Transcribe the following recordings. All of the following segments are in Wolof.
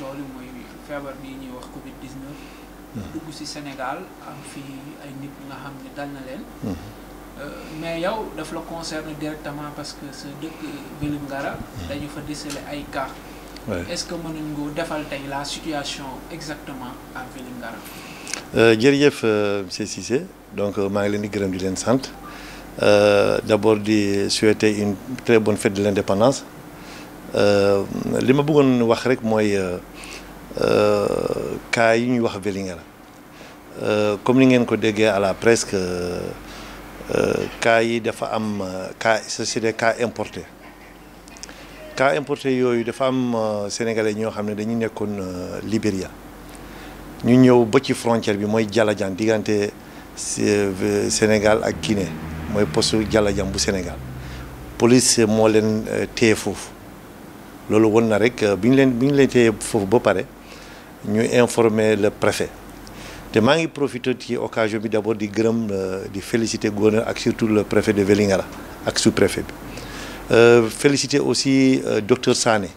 coow li mooy feebar ñuy wax Covid 19. Hmm. dugg ci Sénégal am fi ay nit nga xam ne dal na leen. Hmm. Euh, mais yow daf la concerne directement parce que sa dëkk Vélingara. Hmm. dañu fa déceler ay cas. est-ce que mënuñ nga defal tey la situation exactement à Vélingara. Euh, jërëjëf euh, monsieur Cissé donc maa ngi leen di gërëm di leen sant d'abord di souhaiter une très bonne fête de l'indépendance euh, li ma bëggoon wax rek mooy. Euh, cas yi ñuy wax Vélingara euh, comme ni ngeen ko déggee à la presse que euh, yi dafa am cas c'est des cas importés cas yooyu dafa am sénégalais ñoo xam ne dañu nekkoon Libéria ñu ñëw ba ci frontière bi mooy Dialajan diggante Sénégal ak Guinée mooy poste Dialajan bu Sénégal police moo leen téye foofu loolu won na rek bi leen bi ñu leen téye foofu ba pare. Nous informer le préfet Je profite de profité l'occasion de euh, féliciter le féliciter gouverneur et surtout le préfet de Vélingara le sous-préfet euh, féliciter aussi euh, docteur Sane,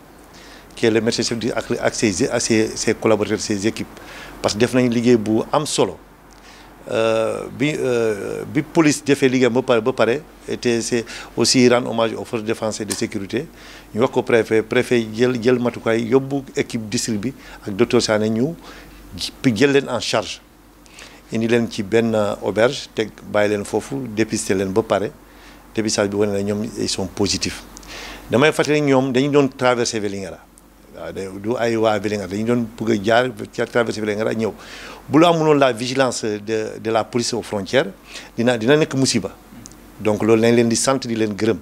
qui est le médecin chef ak ses ses ses collaborateurs ses équipes parce que def nañ liggéey bu am solo. Euh, bi euh, bi police defee liggéeyam ba paré ba paré était c'est aussi rendre hommage aux forces de défense et de sécurité ñu wax ko préfet préfet jël jël matukay yobbu équipe district bi ak docteur Sané ñu jël leen en charge indi leen ci ben auberge teg bay leen fofu dépister leen ba pare dépistage bi wone la ñoom ils sont positifs damay fàttali ñom dañu doon traverser Vélingara waaw du ay wa Vélingara dañu doon bëgg a jaar ca traversé Vélingara ñëw bu la amuloon la vigilance de de la police aux frontières dina dina nek musiba donc loolu nañ leen di sant di leen gërëm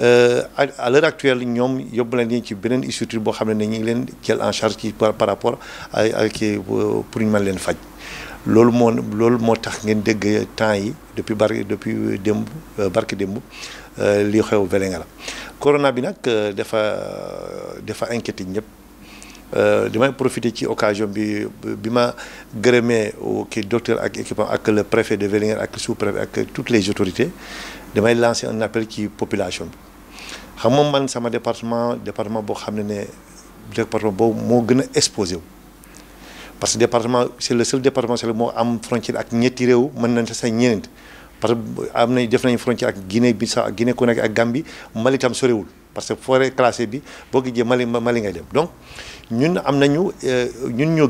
euh à l'heure actuelle ñom yob leen ci benen structure bo xamné ne ngi leen jël en charge ci par rapport ak pour ñu mën leen faj loolu moo loolu moo tax ngeen dégg temps yi depuis barke depuis demb euh, barke demb euh, li xew Vélingara corona bi nak euh, dafa dafa inquiété euh dimay profiter ci occasion bi bi ma gërëmee ki docteur ak équipement ak le préfet de Vélingara ak sous-préfet ak toutes les autorités damay lancer un appel ci population bi xam man sama département département bo xamné né département bo mo gëna a exposé wu parce que département c'est le seul département qui a une frontière avec les gens qui parce que amnay def nañ frontière Guinée Bissau Guinée la ak Gambie Mali parce que forêt classée bi boo Mali donc ñun avons euh, ñun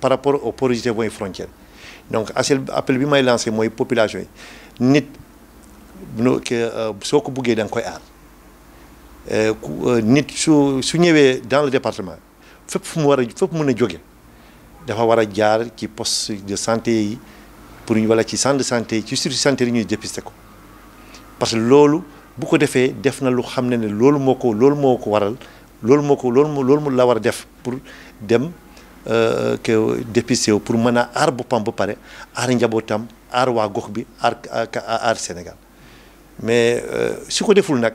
par rapport aux de la frontière donc acel appel bi may lancé la population nit no euh, euh, nit su dans le département. fépp fu mu war a fépp mën a jóge dafa war a jaar ci post de santé yi pour ñu wala ci centre de santé yi ci structure santé yi ñuy dépister ko parce que loolu bu ko defee def na lu xam ne ne loolu moo ko loolu moo ko waral loolu moo ko loolu moo loolu la war a def pour dem euh, que dépister wu pour mën a aar boppam ba pare aar njabootam aar waa gox bi aar aar Sénégal mais euh, su ko deful nag.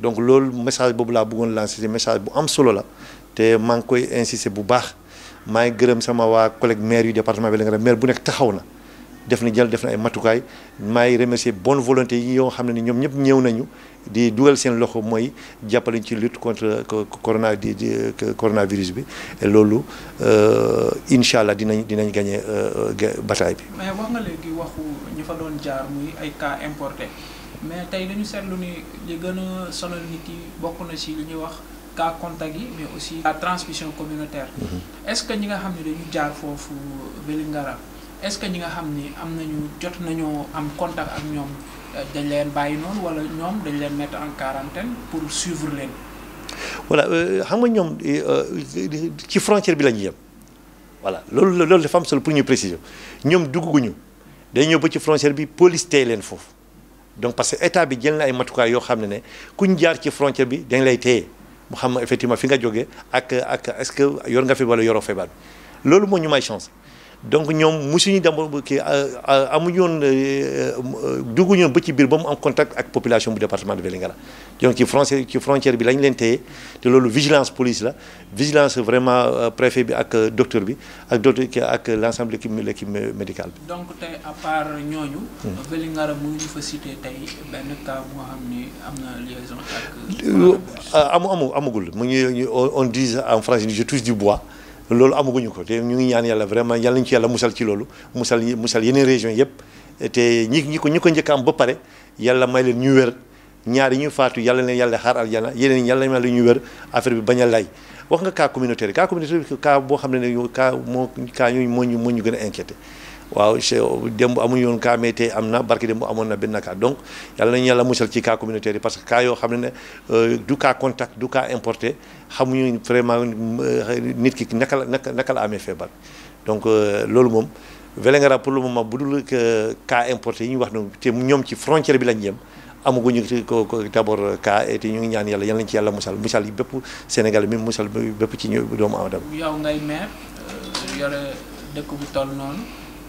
donc loolu message boobu laa bëggoon lancer ci message bu am solo la te maa ngi koy insister bu baax maa ngi gërëm sama waa collègue maire yu département bi la nga def maire bu nekk taxaw na def na jël def na ay matukaay maay remercier bonne volonté yi yoo xam ne ni ñoom ñëpp ñëw nañu di dugal seen loxo mooy jàppale ci lutte contre corona di coronavirus bi loolu euh, incha allah dinañ dinañ gagné euh, euh, bataille bi. mais wax mais tay dañu seetlu ni li gëna sonal nit yi bokku na ci li ñuy wax cas contact yi mais aussi la transmission communautaire. Mm-hmm. est-ce que ñi nga xam ne dañu jaar foofu Vélingara est-ce que ñi nga xam ni am nañu jot nañoo am contact ak ñoom euh, dañ leen bàyyi noonu wala ñoom dañ leen mettre en quarantaine pour suivre leen. voilà euh, xam nga ñoom euh, ci frontière bi lañu ñuy yem voilà loolu loolu dafa am solo pour ñu précision ñoom dugguñu dañ ñëw ba ci frontière bi police tey leen foofu. donc parce que état bi jël na ay matukaay yoo xam ne ne kuñ jaar ci frontière bi dañ lay téye mu xam effectivement fi nga jógee ak ak est-ce que yor nga fi wala yoroo feebar bi loolu moo ñu may chance donc ñom musuñu dem ba kii euh, euh, amuñu woon euh, dugguñu ba ci bir bam am contact ak population du département de Vélingara donc ci frontière ci frontière bi lañ leen téye té lolu vigilance police la vigilance vraiment préfet bi ak docteur bi ak docteur ak l'ensemble équipe l'équipe médicale donc tay à part ñooñu. Hmm. Vélingara mu ñu fa cité tay benn cas moo xamni amna liaison ak. amu amu amagul mu on dit en français je touche du bois. loolu amaguñu ko te ñu ngi ñaan yàlla vraiment yàlla nañu ci yàlla musal ci loolu musal musal yeneen région yëpp te ñi ñi ko ñi ko njëkk am ba pare yàlla may leen ñu wér ñaari yi ñu faatu yàlla leen yàlla xaar aljana yeneen yàlla may leen ñu wér affaire bi bañ a lay wax nga cas communautaire cas communautaire cas boo xam ne ne cas moo kaa ñu moo ñu moo ñu gën a inquiété waaw c' démb amuñu woon cas mais tey am na barki démb amoon na benn cas donc yàlla nañu yàlla musal ci cas communautaire parce que cas yoo xam ne ne euh, du cas contact du cas importé xamuñu vraiment euh, nit ki naka la naka naka la amee feebar donc euh, loolu moom Vélingara pour le moment bu dul cas importe yi ñu wax noonu te ñoom ci frontière bi lañ yem amaguñu ci ko d' abord ñu ngi ñaan yàlla yal nañu ci yàlla musal musal yi bépp Sénégal mi musal bépp ci ñoom doomu aadama. yow ngay maire yore dëkk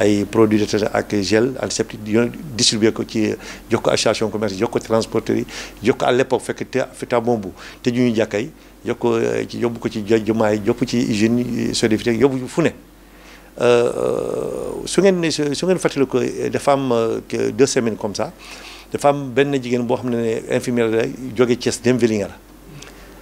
ay produits de traitement avec gel antiseptique yon distribué ko ci jox ko association commerce jox ko transporteur yi jox ko à l'époque fekk te fita bombu te ñu jakkay jàkkay jox ko euh, ci yóbbu ko ci jumaa yi ci hygiène euh, solidaire yóbbu fu né euh su ngeen su ngeen fatelo euh, ko dafa am deux semaines comme ça de femme ben jigen bo xamné ne ne infirmière la jóge Thiès dem Vélingara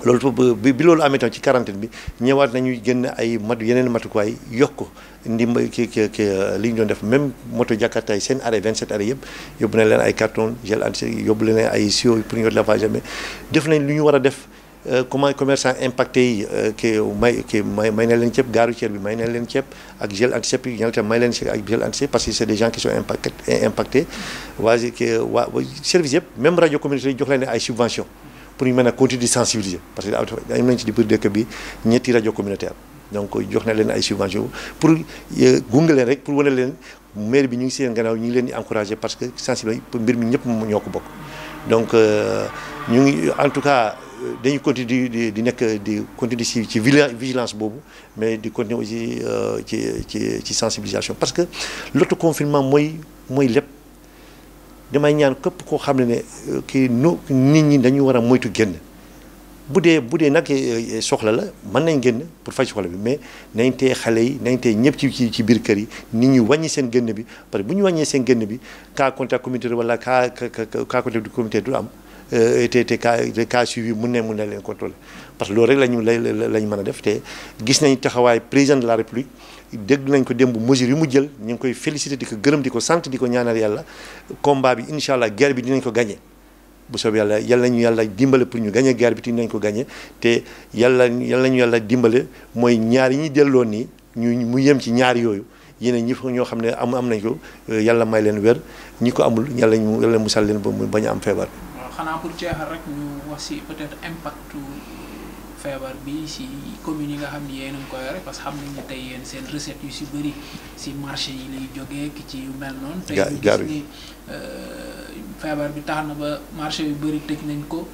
loolu foofu bi bi loolu amee tam ci quarantaine bi ñëwaat nañu génn ay mat yeneen matukaay yokk ndi ki ki li ñu def même moto Jakarta yi seen arrêt 27 arrêt yëpp yóbbu na leen ay carton gel antiseptique yóbbu leen ay siyo pour ñu lavage jamais def nañ lu ñu war a def euh, comment commerçant impacté yi euh, ki may ki may may na leen ceeb gaaru ceeb bi may na leen ceeb ak gel antiseptique ñoo tam may leen ceeb ak gel antiseptique parce que c'est des gens qui sont impactés waa ki waa service yëpp même rajo communautaire yi jox leen ay subvention pour ñu mën a continuer di sensibiliser parce que am nañ ci di de dëkk bi ñetti rajo communautaire donc jox na leen ay subventions pour euh, gunge leen rek pour wane leen maire bi ñu ngi seen gannaaw ñu ngi leen di encourager parce que sensibiliser mbir mi ñëpp ñoo ko bokk donc euh, ñu en tout cas euh, dañu continuer di di nekk di continuer ci vigilance bobu mais di continuer aussi ci ci ci sensibilisation parce que l'autoconfinement moy moy lépp. damay ñaan képp koo xam ne ne euh, kii nu nit ñi dañu war a moytu génn bu dee bu dee nag euh, soxla la mën nañ génn pour faj soxla bi mais nañ tee xale yi nañ tee ñëpp ci ci biir kër yi nit ñi wàññi seen génn bi parce que bu ñu wàññee seen génn bi cas contact communautaire wala cas cas contact communautaire du am Euh, te te cas te mun ne mun ne leen contrôler parce que loolu rek lañu la lañ mën a def te gis nañ taxawaay président de la république dégg nañ ko démb mesure yu mu jël ñu ngi koy féliciter di ko gërëm di ko sant di ko ñaanal yàlla combat bi incha allah guerre bi dinañ ko gagner bu soobee yàlla yàlla nañu yàlla dimbale pour ñu gagner guerre bi dinañ ko gagner te yàlla yàlla nañu yàlla dimbale mooy ñaar yi ñuy delloon nii ñu mu yem ci ñaar yooyu yeneen ñi ñoo xam ne am am nañ ko yàlla may leen wér ñi ko amul yàlla ñu yàlla musal leen ba mu bañ am feebar. xanaa pour jeexal rek ñu wax peut être feebar bi si commune yi nga xam ni yéen a ngi koy rek parce que xam nañ ne tey yéen seen recette yu si bëri si marché yi lay jógee ki ci yu mel noonu tey ñu gis ni feebar bi tax na ba marché yu bëri tëj nañ ko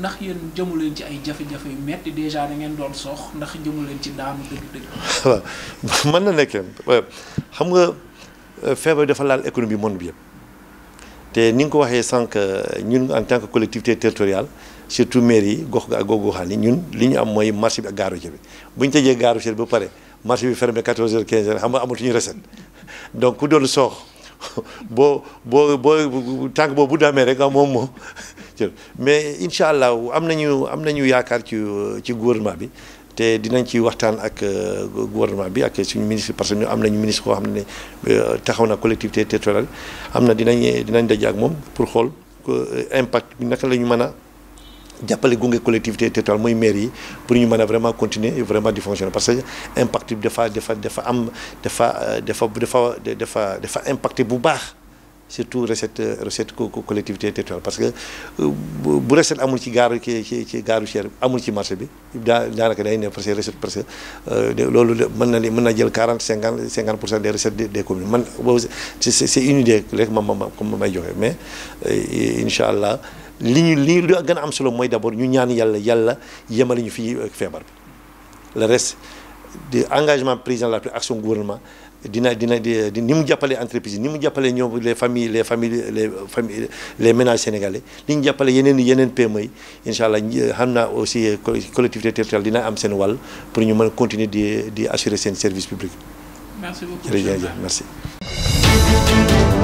ndax yéen jëmu leen ci ay jafe-jafe yu metti dèjà da ngeen doon sox ndax jëmu leen ci daanu dëgg-dëgg na nekkee xam nga feebar dafa laal économie monde bi yëpp te ni nga ko waxee sànq ñun en tant que collectivité territoriale surtout maire yi gox ak gox-goxaan yi ñun li ñu am mooy marché bi ak gaaru ci bi bu ñu tëjee bi ba pare marché bi fermé 14 heures 15 heures xam nga amatuñu recette donc ku doon soox boo boo boo tànk boobu bu damee rek ah, moom moom mais incha allah am nañu am na ñu yaakaar ci ci gouvernement bi té dinañ ci waxtaan ak euh, gouvernement bi ak suñu ministre parce que ñu am nañu ministre ko xamné ne euh, taxaw na collectivité territoriale amna dinañ dinañ daje ak moom pour xool euh, impact bi naka lañu mëna jappalé a collectivité territoriale moy maire yi pour ñu mëna vraiment continuer et vraiment di fonctionner parce que impact bi dafa dafa dafa am dafa dafa dafa dafa dafa impacté bu baax surtout recette recette collectivité territoriale parce que euh, bu recette amul ci gaaru ci ci ci gaaru cher amul ci marché bi daa daanaka day ne parce que recette parce que euh, loolu mën na mën na jël quarante cinquante cinquante pour cent des recettes des communes man boobu c'est c'est une idée rek ma ma ma may joxe mais euh, incha allah li ñu li lu gën a am solo mooy d'abord ñu ñaan yàlla yàlla yemali ñu fii feebar bi le reste de engagement président de la action gouvernement dina dina di ni mu jàppale entreprise ni mu les familles les familles les familles les ménages sénégalais li ñu jappalé yenen yenen PME yi inshallah, allah aussi collectivité territoriale dina am sen wal pour ñu mën continuer di di assurer sen service public. merci beaucoup merci.